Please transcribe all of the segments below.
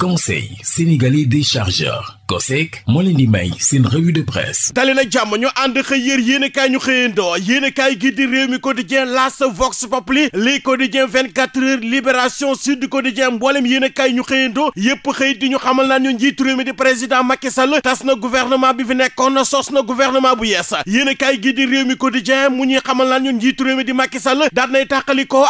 conseil sénégalais des chargeurs COSEC moo leen di may seen revue de presse dali na jàmm ñu ànd xëy yér yéenekaay ñu xëyandoo yéenekaay gi di réew mi quotidien L'As Vox Populi Les Quotidiens Libération Sud Quotidien mboolem yéenekaay ñu xëyandoo yépp xëy di ñu xamal naan ñu di président Macky Sall tas na gouvernement bi fi nekkoon na sos na gouvernement bu yees yéenekaay gi di réew mi quotidien mu ñuy xamal naan ñu di Macky Sall daan nay tàqalikoo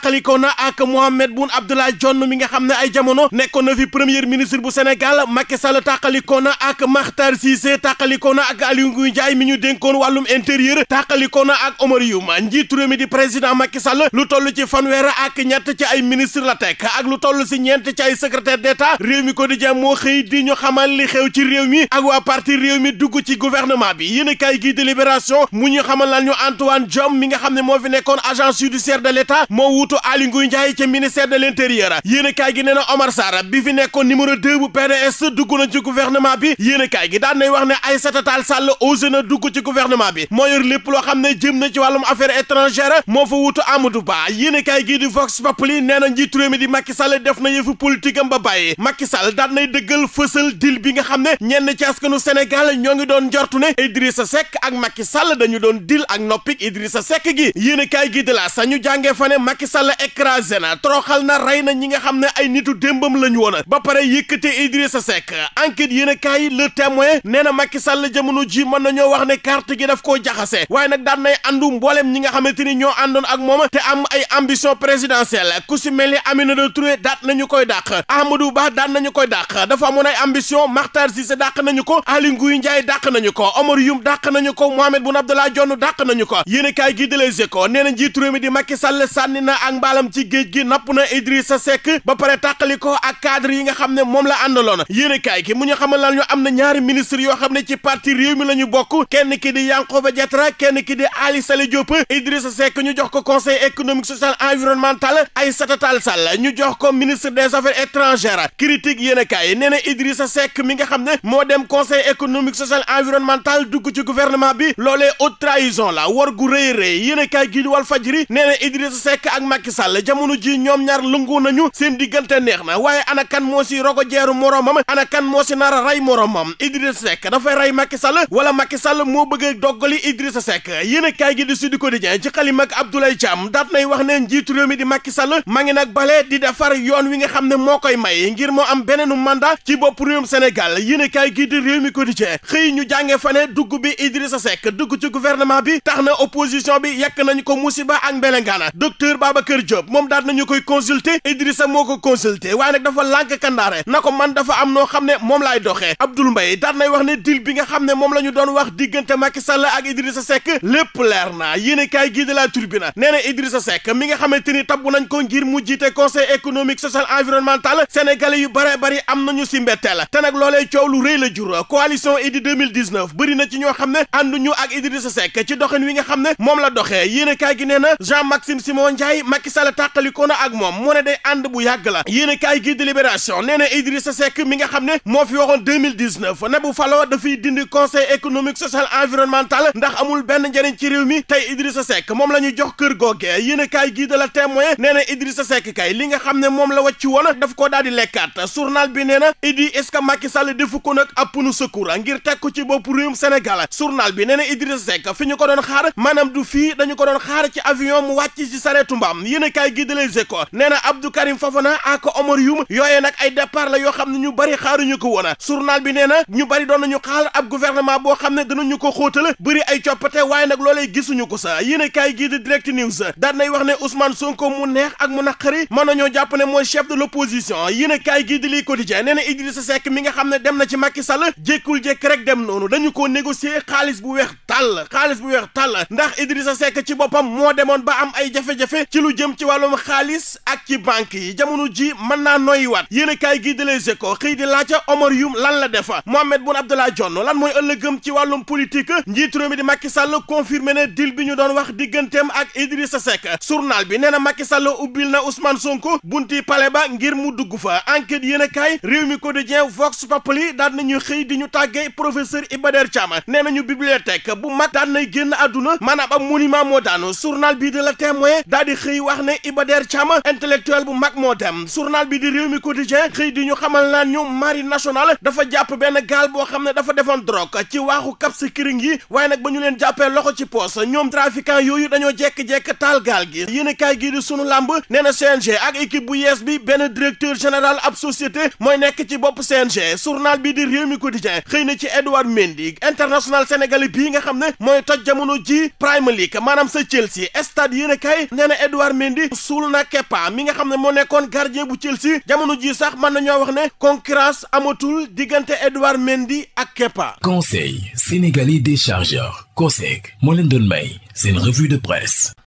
tàqalikoo na ak Mohamed Boun Abdallah Dionne mi nga xam ne ay jamono nekkoon na fi premier ministre bu Sénégal Macky Sall tàqalikoo na ak maxtar Cissé tàqalikoo na ak Aliou Ngouille Ndiaye mi ñu dénkoon wàllum intérieur tàqalikoo na ak Oumar Youm njiitu mi di président Macky Sall lu toll ci fanweer ak ñett ci ay ministre la tek ak lu toll si ñeent ci ay secrétaire d'État réew mi ko quotidien moo xëy di ñu xamal li xew ci réew mi ak waa parti réew mi dugg ci gouvernement bi yéen gii de libération mu ñu xamal lan ñu Antoine Diome mi nga xam ne moo fi nekkoon agent judiciaire de l'État moo wut wuutu Aly Ngouille Ndiaye ca ministère de l'intérieur yéenekaay gi nee na Omar Sarr bi fi nekkoon numéro 2 dugg na ci gouvernement bi yéenekaay gi daan nay wax ne Aïssata Tall Sall osé na dugg ci gouvernement bi moo yor lépp loo xam ne jëm na ci wàllum affaires étrangères moo fa wuutu Amadou Ba yéenekaay gi di Vox Populi nee na njiitu réew mi di Macky def na yëfu politique am ba bàyyi Macky Sall daan nay dëggal fësal dil bi nga xam ne ñenn ci askanu Sénégal ñoo ngi doon njortu ne Idrissa Seck ak Macky Sall dañu doon dil ak noppik Idrissa Seck gi yéenekaay gi de la sañu jàngee fa Sall écrasé na toroxal na rey na ñi nga xam ne ay nitu démbam la ñu woon ba pare yëkkate Idrissa Seck enquête yéen a kaay le témoin na Macky Sall jamono ji mën nañoo wax ne carte gi daf koo jaxase waaye nag daan nay àndu mboolem ñi nga xamante ni ñoo àndoon ak moom te am ay ambition a ku si da ni Aminata Touré daat nañu koy dàq Amadou Ba daan nañu koy dàq dafa amoon ay ambition Makhtar Cissé dàq nañu ko Aly Ngouille Ndiaye dàq nañu ko Omar Youm dàq nañu ko Mohamed Boun Abdallah Dionne ko yéen a kaay gi de Les Échos nee na mi di Macky Sall ak mbaalam ci géej gi napp na Idrissa Seck ba pare tàqali ko ak cadre yi nga xam ne moom la àndaloon yéen kaay ki mu ñu xamal lan ñu am na ñaari ministre yoo xam ne ci parti réew mi la ñu bokk kenn ki di Yankhoba Diattara kenn ki di Ali Sale Diop Idrissa Seck ñu jox ko conseil économique social environnemental Aïssata Tall Sall ñu jox ko ministre des affaires étrangères critique yéen kaay nee na Idrissa Seck mi nga xam ne moo dem conseil économique social environnemental dugg ci gouvernement bi loolee haute la war gu rëy rëy yéen kaay gi di Walf Fadjri nee na Idrissa Seck Macky Sall jamono ji ñoom ñaar lëngu nañu seen diggante neex na waaye ana kan moo si rogo jeeru moroomam ana kan moo si nar a rey moroomam Idriss Seck dafay rey Macky Sall wala Macky Sall moo bëgg doggali Idriss Seck yéen a kaay gi di ko Quotidien ci xalima ak Abdoulaye Thiam daat nay wax ne njiitu réew mi di Macky Sall ma ngi nag bale di defar yoon wi nga xam ne moo koy may ngir moo am beneenu mandat ci bopp réewum senegal yéen a kaay gi di réew mi Quotidien xëy ñu jànge fane dugg bi Idrissa Seck dugg ci gouvernement bi tax na opposition bi yàq nañu ko musiba ak mbelengaana docteur Babacar Babacar Diop moom daal nañu koy consulter Idrissa moo ko consulter waaye nag dafa lànk kandaare na ko man dafa am noo xam ne moom laay doxee Abdoul Mbaye daal nay wax ne deal bi nga xam ne moom la ñu doon wax diggante Macky Sall ak Idrissa Seck lépp leer na yéen i kaay gii de la Tribune nee mi nga xamante ni tabbu nañ ko ngir mu jiite conseil économique social environnemental sénégalais yu bare bari am nañu si te nag loolee coow lu rëy la jur Macky Sall tàqalikoo na ak moom mu ne day ànd bu yàgg la yéen a kaay gii di libération nee na Idrissa mi nga xam ne moo fi waxoon 2019 ne bu faloo dafay dindi conseil économique social environnemental ndax amul benn njëriñ ci réew mi tey Idrissa Seck moom la ñu jox kër googee yéen a kaay gii de la témoin nee na Idrissa kay li nga xam ne moom la wàcc woon daf koo daal di lekkaat journal bi nee na Idi est-ce que Macky Sall defu ko nag ab punu secours bi nee na Idrissa Seck fi ñu ko doon xaar maanaam du fii dañu ko doon xaar ci avion mu wàcc ci sareetu am yéen a kaay gi de nee na Abdou Karim Fofana ak Omar Youm yooyee nag ay départ la yoo xam ne ñu bari xaaruñu ko woon journal bi nee na ñu bari doon nañu xaar ab gouvernement boo xam ne dinañu ko xóotal bëri ay coppate waaye nag loolee gisuñu ko sa yéen a kaay gi de Direct News daan nay wax ne Ousmane Sonko mu neex ak mu naqari mën nañoo jàpp ne mooy chef de l'opposition yéen a kaay gi de Le Quotidien nee na Idrissa Seck mi nga xam ne dem na ci Macky Sall jékkul jékk rek dem noonu dañu ko négocier xaalis bu weex tàll xaalis bu weex tàll ndax Idrissa Seck ci boppam moo demoon ba am ay jafe ci lu lu jëm ci wàllum xaalis ak ci banque yi jamono ji mën naa noyyiwaat yéen a gii gi de Les xëy di laaja Omar Youm lan la defa Mohamed Boun Abdallah Dionne lan mooy ëllëgëm ci wàllum politique njiitu réew mi di Macky Sall confirmé na bi ñu doon wax digganteem ak Idrissa Seck journal bi nee na Macky Sall ubbil na Ousmane Sonko bunti pale ba ngir mu dugg fa enquête yéen a kaay réew mi quotidien Vox Populi daan nañu xëy di ñu tàggee professeur Iba Der Thiam nee nañu bibliothèque bu mag daan nay génn àdduna maanaam ab monument moo daanu journal bi de la témoin xëy wax ne Iba Der Thiam bu mag moo dem journal bi di réew mi quotidien xëy di ñu xamal naan ñu marine nationale dafa jàpp benn gaal boo xam ne dafa defoon drogue ci waaxu Cap Skirring yi waaye nag ba ñu leen jàppee loxo ci poos ñoom trafiquant yooyu dañoo jekk-jekk taal gaal gi yéen kaay gii di sunu làmb nee na CNG ak équipe bu yees bi benn directeur général ab société mooy nekk ci bopp CNG journal bi di réew mi quotidien xëy na ci Edouard Mendy international sénégalais bii nga xam ne mooy toj jamono ji Premier maanaam sa Chelsea stade yéen kaay nee na Edouard Edouard Mendy suul na Kepa mi nga xam ne moo nekkoon gardien bu Chelsea jamono ji sax mën nañoo wax ne concurrence amatul diggante Edouard Mendy ak Kepa. Conseil sénégalais des chargeurs COSEC moo leen doon may seen revue de presse.